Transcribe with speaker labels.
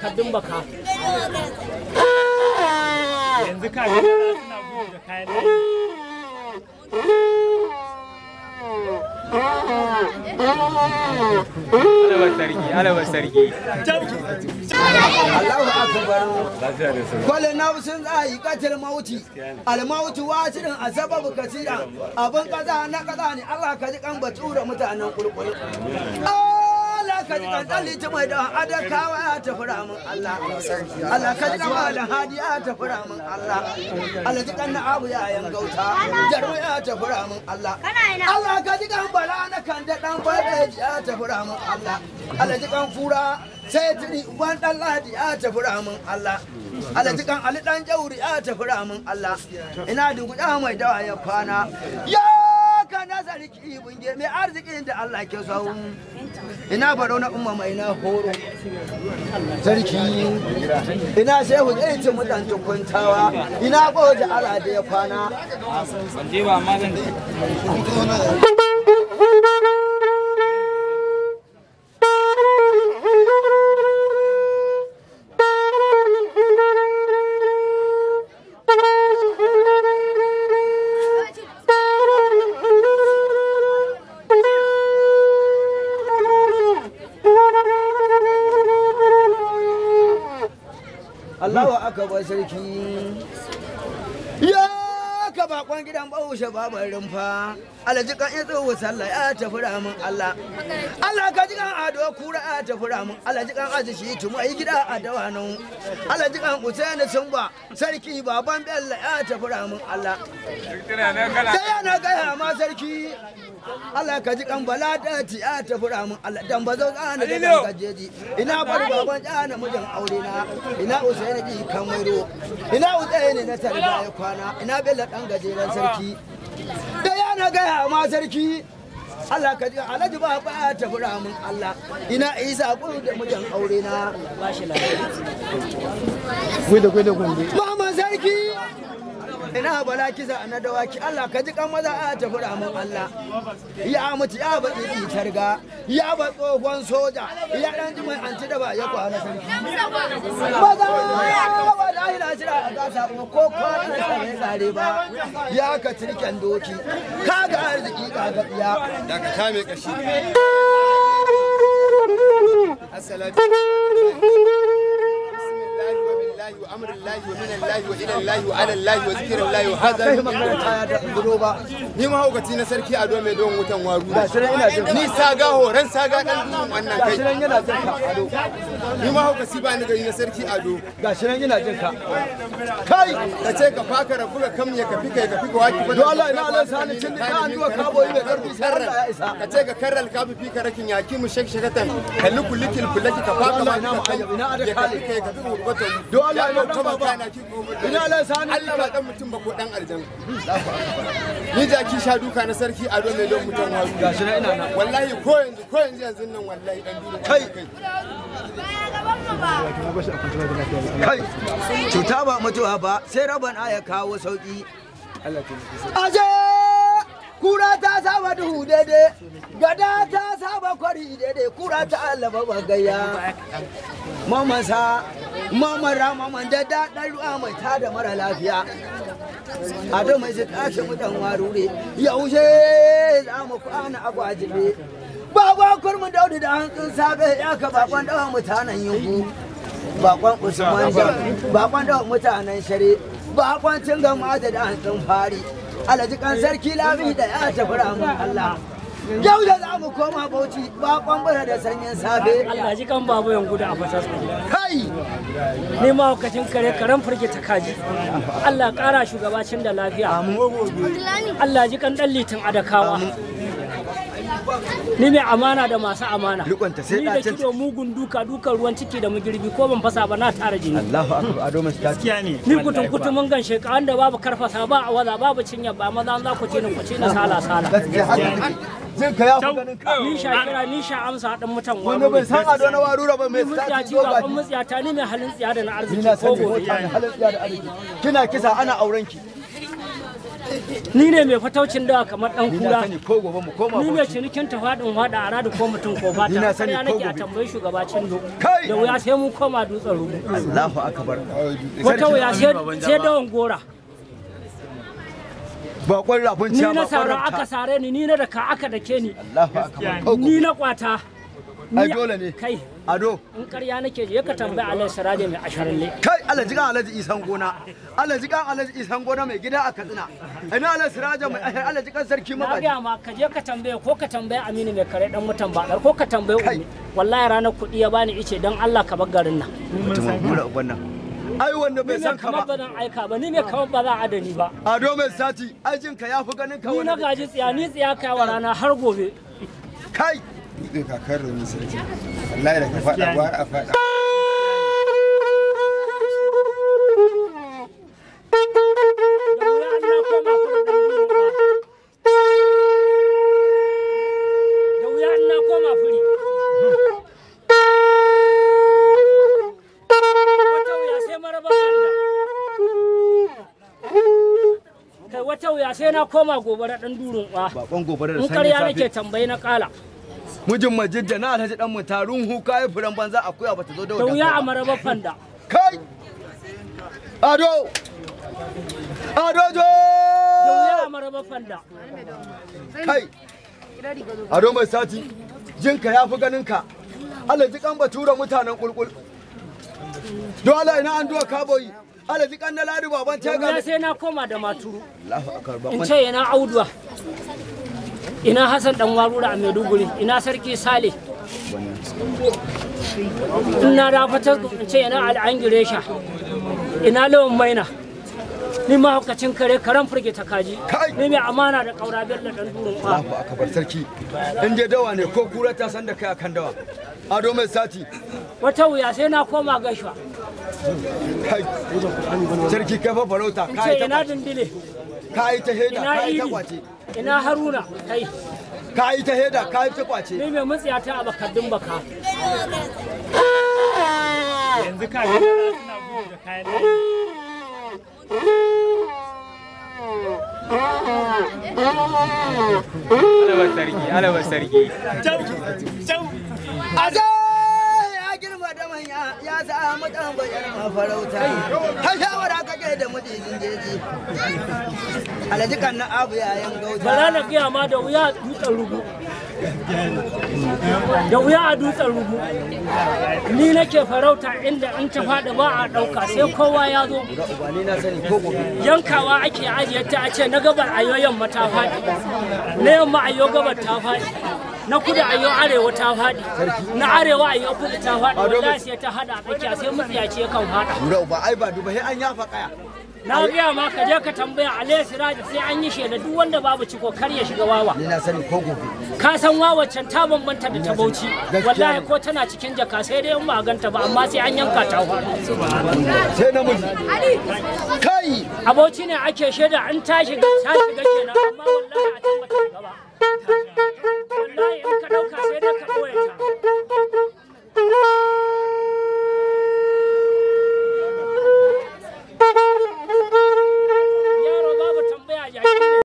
Speaker 1: kaddun baka
Speaker 2: yanzu ka ga suna gudu da
Speaker 1: kayan Alaba
Speaker 2: sarki, alaba sarki. Allahu akbar. Kwale na sun yi katil mauti. Almauti wasirin a sababu kasira. Abin kaza na kaza ne Allah ka ji kan batura mutanen kulkul. ka ji kan tsalli ta mai da adakawa ya tafura ramin Allah Allah ka ji kama da hadi ya tafi ramin Allah Allah ji kan na abu ya yan gauta jaru ya tafura ramin Allah Allah ka ji kan bala na kan da dan bada ya tafi ramin Allah Allah ji kan fura sai tuni uban dan ladi ya tafura ramin Allah alajikan ali dan jauri ya tafura ramin Allah ina duguda mai dawa ya kwana ya arziki da Allah ke so ina baro na umma mai na horo sarki ina shehu zai ci mutan tukuntawa ina goje ala da ya kwana wa aka ba sarki ya ka bakon gidan bahaushe babar rumfa alajikan ya tsohu sallah ya tafi ramin Allah Allah ka jikan ado kura ya tafi ramin alajikan azishi tumu ayi gida a dawanin alajikan usaini sumba. sarki baban bello ya tafi ramin Allah
Speaker 1: sai yana
Speaker 2: gaya ma sarki Allah ka ji kan bala ta ci a ta fura mun Allah dan bazo kana da kan gajeji ina bar baban kana mijin aure na ina usaini ji kan mairo ina usaini na tarba ya kwana ina bella dan gajeren sarki da na gaya ma sarki Allah ka ji alhaji ba ba ta fura mun Allah ina isa kun da mijin aure na ba shi lafiya gode gode gode mama sarki ina bala kisa na dawaki Allah ka ji kan maza a tafi mun Allah ya mutu ya ba tsiki targa ya ba tsohon soja ya dan ji mai anti da ba ya kwana sarki maza wallahi na jira a gasa ko kwana sai tsare ba ya ka tirken doki Ka ga arziki ga iya da ka kame kashi Assalamu alaikum وأمر الله ومن الله الله وعلى الله وذكر الله وهذا ni ma na sarki a dome don wutan waru ni saga horon saga dan duhun wannan kai ni ma haukaci gari na sarki ado gashi nan yana ka kai ka ce ka faka rabu ka kamye ka fika ka fika waki ba don Allah ina Allah sani cin ka an duwa ka boyi mai karfi ka ce ka karral ka fi ka rakin yaki mu shek shekatan kalli kulikil kulaki ka faka ma ka kai ina ada kale ka fika ka fika don Allah ina la ba ba ni jaki sha duka na sarki ado mai don mutum na ina wallahi ko yanzu ko yanzu yanzu nan wallahi dan kai kai cuta ba mutuwa ba sai raban aya kawo sauki Allah ta kura ta saba duhu daidai gada ta saba kwari dede kura ta allaba bagaya mamasa Maman ramaman da daɗin ruwa mai tada mara lafiya. A da mai zikace mu dan warure, yaushe za mu kwana a gwajibe. Baba kurmin daudu da hantsin sabe ya ka bakon dawa mutanen yungu. Bakon Usman da bakon dawa mutanen shari. Bakon cin gama da hantsin fari. Alhaji kan sarki lami da ya tafi ramin Allah. Yau da za mu koma Bauchi ba bara da sanyin safe.
Speaker 1: Allah ji kan babu yanku da afasas.
Speaker 2: Kai! Ni ma hukacin
Speaker 1: kare karen firgita kaji. Allah kara shugabacin da lafiya. Allah ji kan dan litin adakawa. Ni mai amana da masu amana. Ni da kido mugun duka dukan ruwan ciki da magirbi ko ban fasa ba na tara jini.
Speaker 2: Allahu akbar ado mai gaskiya ne. Ni kutum kutun
Speaker 1: mun gan shekaran da babu karfasa ba a waza babu cinya ba maza za ku ce ni ku ce na sala sala. jin ka ya ganin ka ni sha kira ni sha amsa dan mutan wani wani bai san ado na warura ba mai sati ba ni mai halin tsiya da na arziki halin
Speaker 2: tsiya da arziki kina kisa ana auren ki ni ne
Speaker 1: mai fataucin dawa kamar dan
Speaker 2: kura ni ne
Speaker 1: cinikin ta fadin fada a radu ko mutum ko fata na sani a
Speaker 2: tambayi shugabacin do da wuya
Speaker 1: sai mun koma dutsen rubu
Speaker 2: Allahu akbar wata wuya sai dawan gora bakon rafin ciya rafin ciya. ni na saura aka
Speaker 1: sare ni ni na da ka aka dake ni ni na kwata ai dole
Speaker 2: ne kai ado in ƙarya nake je ka tambaya alai saraje mai asharin ne kai alaji kan alaji isan gona alaji kan alaji isan gona mai gida a katsina ina alai saraje mai asharin eh, alaji kan sarki mabaji
Speaker 1: na ga ma ka je ka tambaya ko ka tambaya aminu mai kare dan mutan ba ko ka tambaya wallahi ranar kudi ya bani ice dan Allah ka bar garin nan
Speaker 2: mutum mura uban nan
Speaker 1: ai wanda bai san ka ba ba zan aika ba ni ne kamar ba za a da ni ba ado mai sati ai jin ka yafi ganin ka ni na gaji tsiya ni tsiya kai wa rana har gobe kai
Speaker 2: ni kakar da sarki wallahi da ka fada ba a fada
Speaker 1: sai na koma
Speaker 2: gobara dan durun kwa bakon gobara da sanyi safi nake tambayi na kala mujin majidda na alhaji dan mutarun huka ya furan banza akuya bata zo da wadata wuya a ba fanda kai ado ado jo ya
Speaker 1: amara ba fanda kai
Speaker 2: ado mai sati jinka ya fi ganinka ji kan batura mutanen kulkul dole ina an duwa kaboyi alaji kan na ladu baban ta ga sai na koma da maturu
Speaker 1: in ce ina auduwa ina Hassan dan warura a maiduguri ina sarki sale ina da fatar in ce ina al'angiresha ina lawan maina ni ma hukacin kare karan firgita kaji ni mai amana da kaura biyar da dan durin fa Allahu
Speaker 2: akbar sarki in je dawa ne ko kura ta san da kai akan dawa ado mai sati
Speaker 1: wata wuya sai na koma gaishwa
Speaker 2: sarki kafa farauta kai ta ina dindile kai ta heda kai ta kwace
Speaker 1: ina haruna kai
Speaker 2: kai ta heda kai ta kwace ni mai mutsiya ta abakaddin
Speaker 1: baka yanzu ka yi ina gudu da kayan
Speaker 2: Alaba sarki, alaba sarki. Jau, jau, aza! ka samu mafarauta shawara kake da mijin jeji kan na abu yayin gauta na ma da wuya dutsen rugu
Speaker 1: da wuya a dutsen rugu ni nake farauta inda an ta ba a ɗauka, sai kowa ya zo yankawa ake ajiye ta a ce na gabar ayoyan ma ta faɗi na yamma ayo gabar ta faɗi na kudu a yau arewa ta faɗi
Speaker 2: na arewa a yau kudu ta faɗi wallahi sai ta
Speaker 1: hada tsakiya sai ce kan faɗa mura ba
Speaker 2: ai ba duba sai an yafa kaya na biya ma ka je
Speaker 1: ka tambaya alayhi siraji sai an yi shaida duk wanda babu ciko kar ya shiga wawa ni na
Speaker 2: sani ko gobe
Speaker 1: ka san can ta bambanta da ta bauchi wallahi ko tana cikin jaka sai dai in ba ganta ba amma sai an yanka ta sai namiji kai abauci ne ake shaida an ta shiga ta shiga kenan amma wallahi a can ba la capoeira.